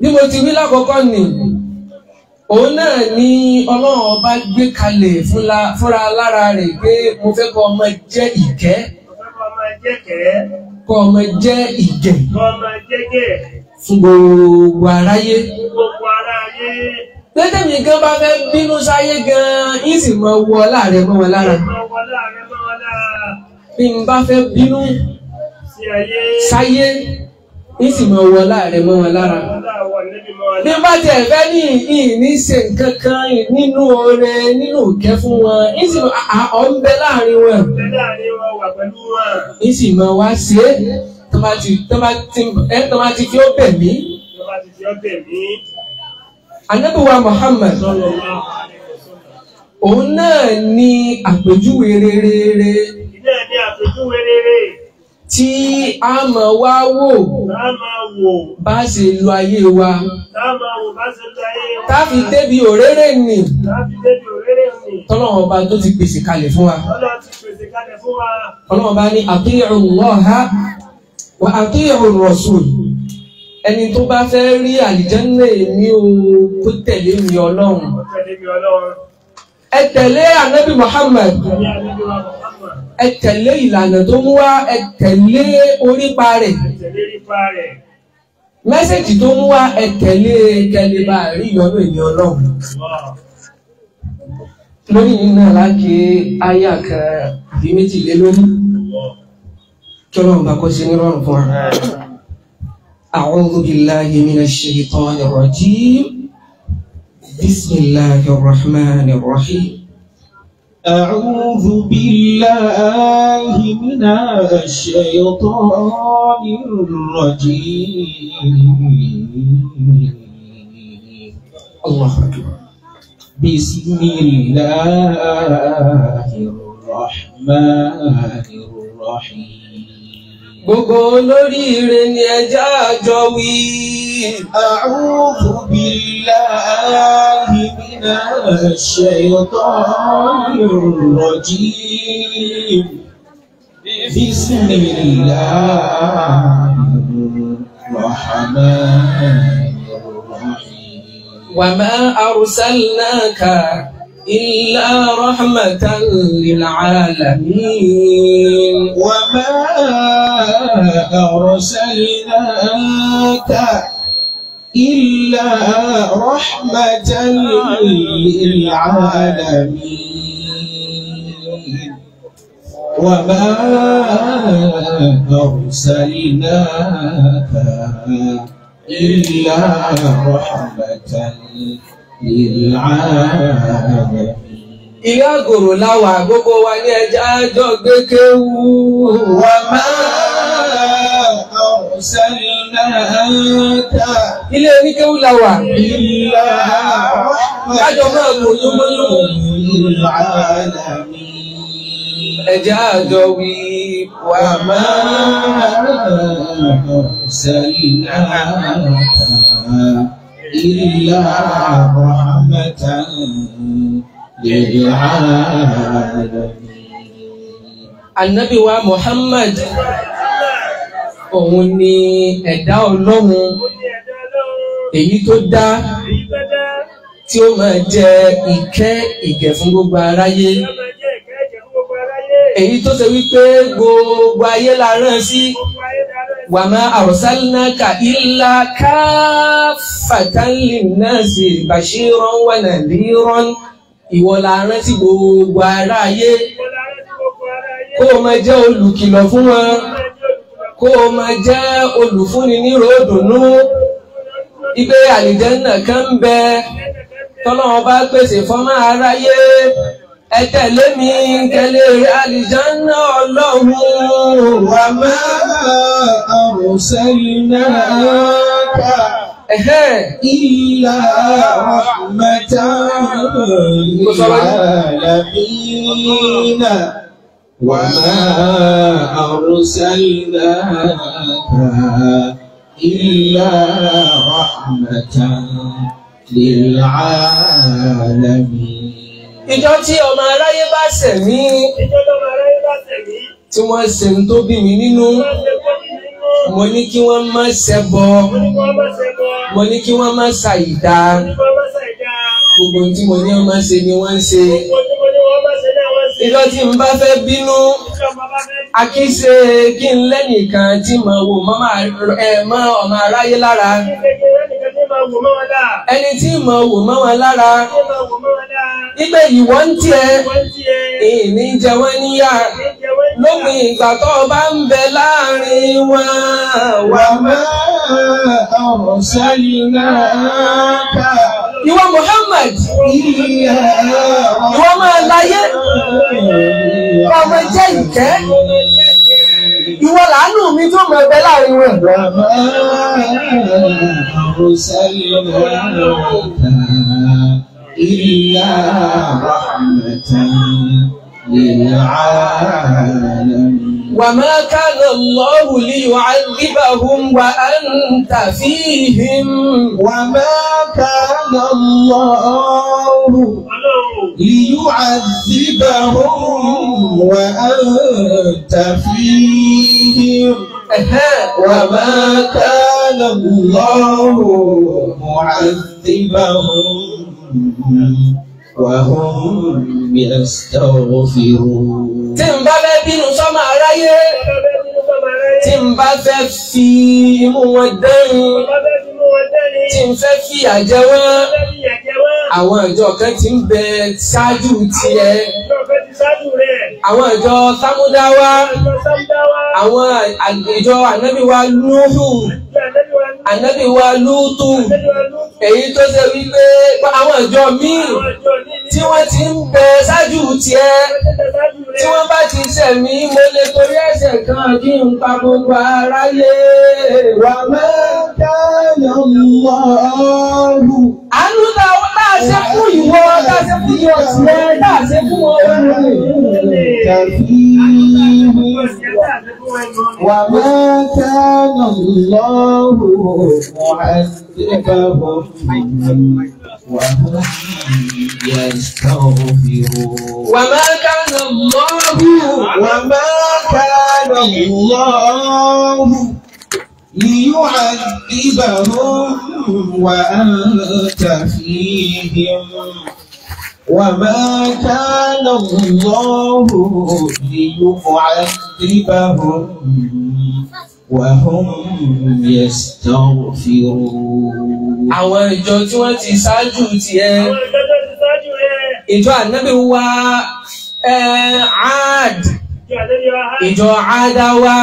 bí mo ti wí lákọ̀ọ́kọ́ ni òun náà ni ọlọ́run ọba gbé kalẹ̀ fúnra lára rẹ̀ pé mo fẹ́ kọ́ ọmọ jẹ́ ìkẹ́ kọ́ ọmọ jẹ́ ìgẹ̀ fún gbogbo aráyé. Tẹ́tẹ́ mi gan bá fẹ́ bínú sáyé gan, yín sì mọ wọ láàrẹ mọ́ wọn lára. Bí n bá fẹ́ bínú sáyé ìsì mọ wọ láàrẹ mọ wọn lára. bí bá tẹ̀ fẹ́ ní ìní ṣe nǹkan kan nínú oore nínú òkè fún wọn ìsì ọ̀ ń bẹ láàrin wọn. ìsì mọ wá ṣe é tọ́mátì fi ó bẹ̀ mí. anábìwá Muhammad òun náà ni àpèjúwe rere. ìdí ẹ̀ ní àpèjúwe rere tí a mọ̀ wá wò bá ṣe lo ayé wa táfi débi òréré nì tọ́lọ́wọ́n ọba tó ti pèsè kalẹ̀ fún wa tọ́lọ́wọ́n ọba ní ati'u Allaha wa ati'u Rasul ẹni tó bá fẹ́ rí àlìjẹ́ńlẹ̀ ní o kó tẹ̀lé mi ọlọ́run ẹ tẹ̀lé anabi Muhammad ẹ tẹ̀lé ìlànà tó mú wá ẹ tẹ̀lé orípa rẹ̀ mẹ́sẹ̀gì tó mú wá ẹ tẹ̀lé kẹlẹ́ bá rí ìyọnu èmi ọlọ́run lórí yìí náà láti àyà kan bíi méjìlélórí kí ọlọ́run bá kọ́ sí nírọ̀rùn fún wa. A'udhu billahi minash shaitanir rajim. بسم الله الرحمن الرحيم أعوذ بالله من الشيطان الرجيم الله أكبر بسم الله الرحمن الرحيم gbogbo olóríire ni ẹjẹ́ àjọ wí. A'udhu billahi minash shaytanir rajim. Bismillahir rahmanir rahim. Wa ma arsalnaka. إلا رحمة للعالمين وما أرسلناك إلا رحمة للعالمين وما أرسلناك إلا رحمة Ìyá àgòrò láwà gbogbo wa ní ẹja àjọ gbé kéwú. Wà máa ọ̀sẹ̀lẹ̀ náà. Ilé oníkéwú láwà. Ìlà àjọ máa mọ̀nyúmọ́nyú. Ìlà Ẹja àjọ wí. Wà máa ọ̀sẹ̀lẹ̀ náà. إلا رحمة للعالمين Ànábì wa Muhammad òun ni ẹ̀dá Ọlọ́run èyí tó dá tí ó máa jẹ ìkẹ́ ìgẹ̀ fún gbogbo aráyé èyí tó ṣe wípé gbogbo ayé la rán sí wa ma arsalnaka illa kaffatan linnasi bashiran wa nadhiran ìwọ la rán sí gbogbo aráyé kó o máa jẹ́ olùkìlọ̀ fún wọn kó o máa jẹ́ olùfúnni ní ròdùnú ipe àlìjẹ́nà kan ń bẹ tọ́lọ́wọ́n bá pèsè fọ́mọ́ aráyé ẹ tẹ̀lé kẹlẹ́ àlìjẹ́nà ọlọ́run wà أرسلناك إلا رحمة للعالمين وما أرسلناك إلا رحمة للعالمين ìjọ tí ọmọ aráyé bá ṣẹ̀mí tí wọ́n ṣe tó bí mi nínú mo ní kí wọ́n má ṣẹbọ mo ní kí wọ́n má ṣàìdá gbogbo tí mo ní wọ́n má ṣe ni wọ́n ń ṣe ìjọ tí n bá fẹ́ bínú àkíṣe kí n lẹ́nìkan tí mo wò mọ́ ọmọ aráyé lára ẹni tí mo wò mọ́ wọn lára ibẹ̀ yìí wọ́n ń tiẹ̀ ìní wọ́n níyà lópin ìgbà tó o bá ń bẹ láàrin wọn. wà á máa ọ̀rọ̀ sẹ́ni náà kà. ìwọ Muhammad ìwọ máa láyé ọmọ jẹ́ ìkẹ́ ìwọ làánú mi tó mọ ẹgbẹ́ láàrin wọn. bàbá àròsálẹ̀ ọ̀rọ̀ ìlà rahmatan. وما كان الله ليعذبهم وأنت فيهم وما كان الله ليعذبهم وأنت فيهم وما كان الله معذبهم wàhùn yastaghfirun. tí n bá fẹ́ bínú sọ́mọ aráyé tí n bá fẹ́ fi imú wọn dẹ́rùn tí n fẹ́ fi àjẹ wọn àwọn ìjọ kan ti ń bẹ ṣáájú tiẹ̀ àwọn ìjọ sámúdáwá àwọn ìjọ ànábíwá lóhùn ànábì wa lúùtù èyí tó ṣe wípé àwọn ìjọ míì tí wọ́n ti ń bẹ ṣáájú tiẹ̀ tí wọ́n bá ti ṣẹ̀mí mo lè torí ẹ̀ṣẹ̀ kan kí n pa gbogbo aráyé. wà á máa dáná mọ́ ọ́rù. àánú náà láàṣẹ fún ìwọ láàṣẹ fún ìwọ tiẹ̀ láàṣẹ fún ọ. وما كان الله معذبهم وهم يستغفرون وما كان الله وما كان الله ليعذبهم وأنت فيهم وما كان الله ليعذبهم وهم يستغفرون. àwọn ìjọ tí wọ́n ti ṣáájú tiẹ̀ ìjọ ànábì wa Aad ìjọ Adawa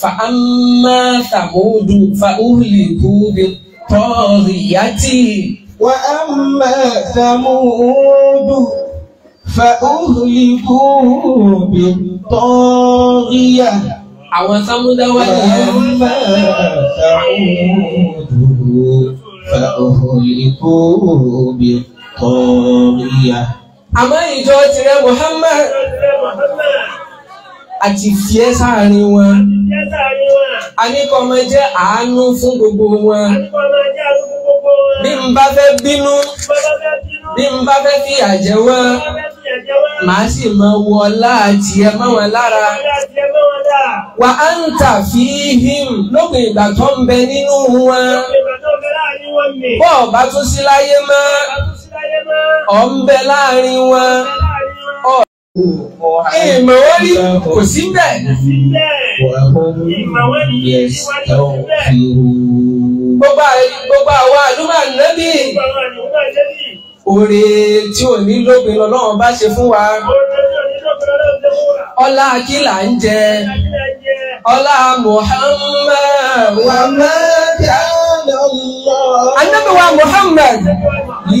fa'amma Thamudu fa'uhliku bi tọ́ọ̀rì yàtì. وأما ثمود فأهلكوا بالطاغية àwọn sámúdáwá ni wọ́n فأهلكوا بالطاغية àmọ́ ìjọ tirẹ̀ Muhammad àti fiẹ́ sáàrin wọn a ní kó máa jẹ́ àánú fún gbogbo wọn bí n bá fẹ́ bínú bí n bá fẹ́ fi àjẹ́ wọ́n màá sì mọ wọ ọlá ẹ mọ́ wọn lára wà á ń tà fi him lópin ìgbà tó ń bẹ nínú wọn bọ́ ọ bá tún sí láyé mọ́ ọ̀ ń bẹ láàrin wọn ìmọ̀ wọn rí kò sí bẹ́ẹ̀ ìmọ̀ rí kò sí bẹ́ẹ̀ gbogbo gbogbo àwa àdúrà nẹ́bí. Oore tí ò ní lópin lọ́lọ́run bá ṣe fún wa. Ọlá kí là ń jẹ? Ọlá Muhammad. Wà má dáná lọ. Anábìwá Muhammad.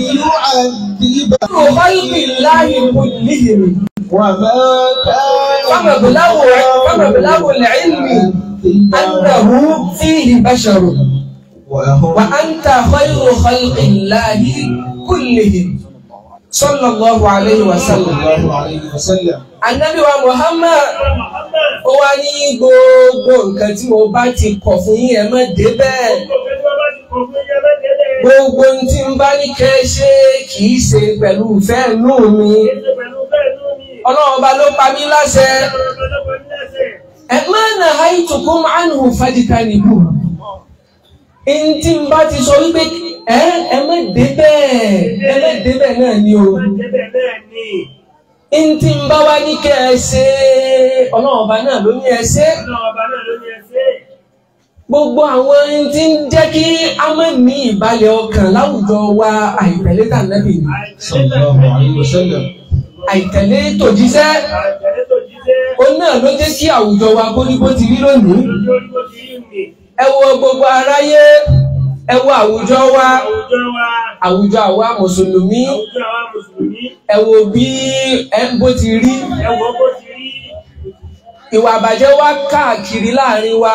Ìlú àdìbà. Kúrò báyìí láàyè kò níyèrè. Wà má dáná lọ. Fọ́nà bìláwò lẹ́yìn mi. Annahu fihi basharun wa anta khayru khalqillahi kullihim sallallahu alayhi wa sallam. Ànábì wa Muhammad ó wá ní gbogbo nǹkan tí mo bá ti kọ̀ fún yín ẹ má dé bẹ́ẹ̀. Gbogbo ohun tí n bá ní kẹ́ ṣe kì í ṣe pẹ̀lú ìfẹ́ inú mi. Ọlọ́run ọba ló pa mí láṣẹ. Ẹ má nà áyí tukùn máa ń hù fàdíkà nìbù ntí n bá ti sọ wípé ẹ ẹ má dé bẹ́ẹ̀ ẹ má dé bẹ́ẹ̀ náà ni o ntí n bá wá ní kẹ́ ẹ ṣe ọlọ́run ọba náà ló ní ẹ ṣe gbogbo àwọn tí ń jẹ́ kí a má ní ìbàlẹ̀ ọkàn láwùjọ wa àìtẹ̀lé tànàbì ni. àìtẹ̀lé tòjíṣẹ́ òun náà ló jẹ́ kí àwùjọ wa kó ní bó ti rí lónìí. ẹ gbogbo aráyé ẹ àwùjọ wa àwùjọ àwa mùsùlùmí ẹ wo bí ẹ bó ti rí ìwà àbàjẹ́ wá káàkiri láàrin wa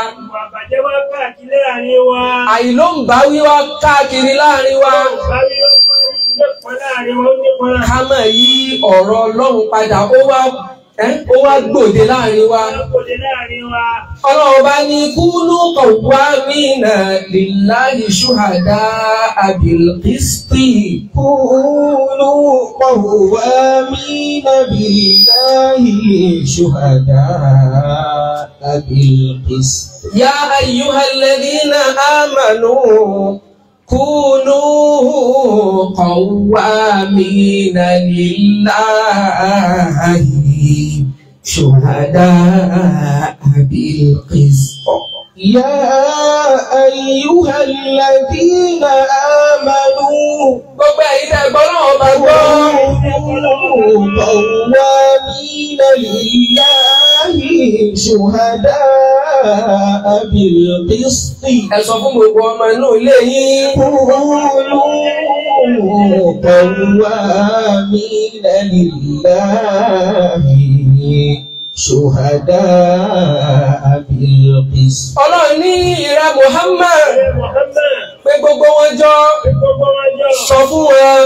àìlóǹbáwí wá káàkiri láàrin wa ká mọ̀ yí ọ̀rọ̀ ọlọ́run padà ó wá ó wá gbòde láàrin wa ọlọ́run bá ní kúlù قوامين لله شهداء بالقسط كونوا قوامين بالله شهداء بالقسط يا أيها الذين آمنوا كونوا قوامين لله شهداء بالقسط يا أيها الذين آمنوا gbogbo قوامين لله شهداء بالقسط. ẹ قولوا قوامين لله. ṣùhàdá abilqis. ọlọ́run ní ìrẹ́ Muhammad pé gbogbo wọn jọ sọ fún wọn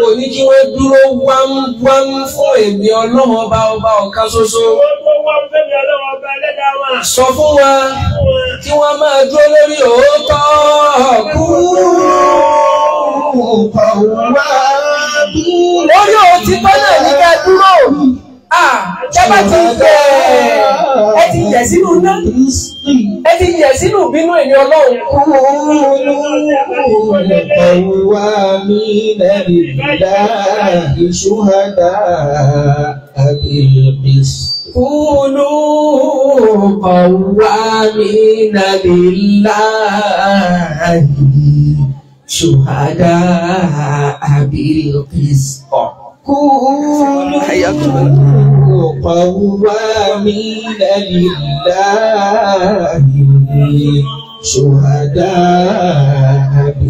kò ní kí wọ́n dúró wámúwám fún èmi ọlọ́run ọba ọba ọ̀kan ṣoṣo. sọ fún wọn kí wọ́n máa dúró lórí òótọ́ kú kọ̀wá bí. lórí òtítọ́ náà ní ká dúró. Ṣẹ́bà ti yẹ ẹ ti yẹ sínú ná ẹ ti yẹ sínú bínú èmi ọlọ́run. Ẹ̀wá mi lẹ́nu ìdá ìṣúhádá àbíbis. Kúlú ọ̀wá mi lẹ́nu ìlà ìṣúhádá àbíbis. كونوا قوامين لله ṣùhàdá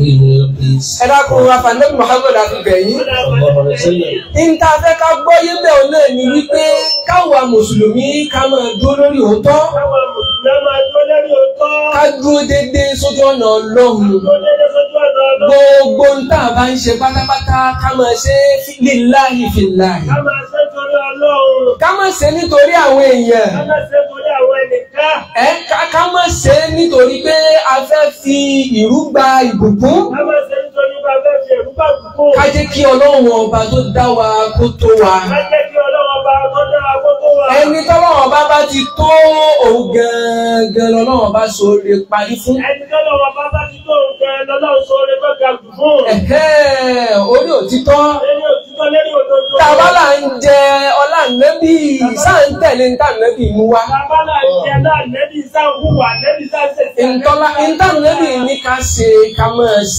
ẹ dákun afanẹ́bí Muhammad akúgẹ̀yìn ìntàfẹ́ ká gbọ́ yébẹ̀ ọ̀nà mi wípé káwa mùsùlùmí ká máa dúró lórí òótọ́ ká dúró dédé sójú ọ̀nà ọlọ́run gbogbo ń tà bá ń ṣe pátápátá ká máa ṣe líláyìí fìláyìí ká máa ṣe nítorí àwọn èèyàn ẹ ká má ṣe é nítorí pé a fẹ́ fi ìrú gba ìbùkún. ká má ṣe é nítorí pé a fẹ́ fi ìrú gba ká jẹ́ kí ọlọ́run ọba tó dá wa kó tó wa ẹni tọ́lọ́wọ́n bá bá ti tó òun gangan lọ́lọ́wọ́n bá sóore parí fún. ẹni tọ́lọ́wọ́n bá bá ti tó òun gangan lọ́lọ́wọ́n sóore bá ga jù fún. orí òtítọ́. orí òtítọ́ lórí òdodo. tàbá là ń jẹ ọlá nẹ́bí sáà ń tẹ̀lé ń tà nẹ́bí mú wa. tàbá là ń jẹ ọlá nẹ́bí sáà ń nẹ́bí sáà ń tẹ̀lé. nẹ́bí ní ká ṣe ká máa ṣe.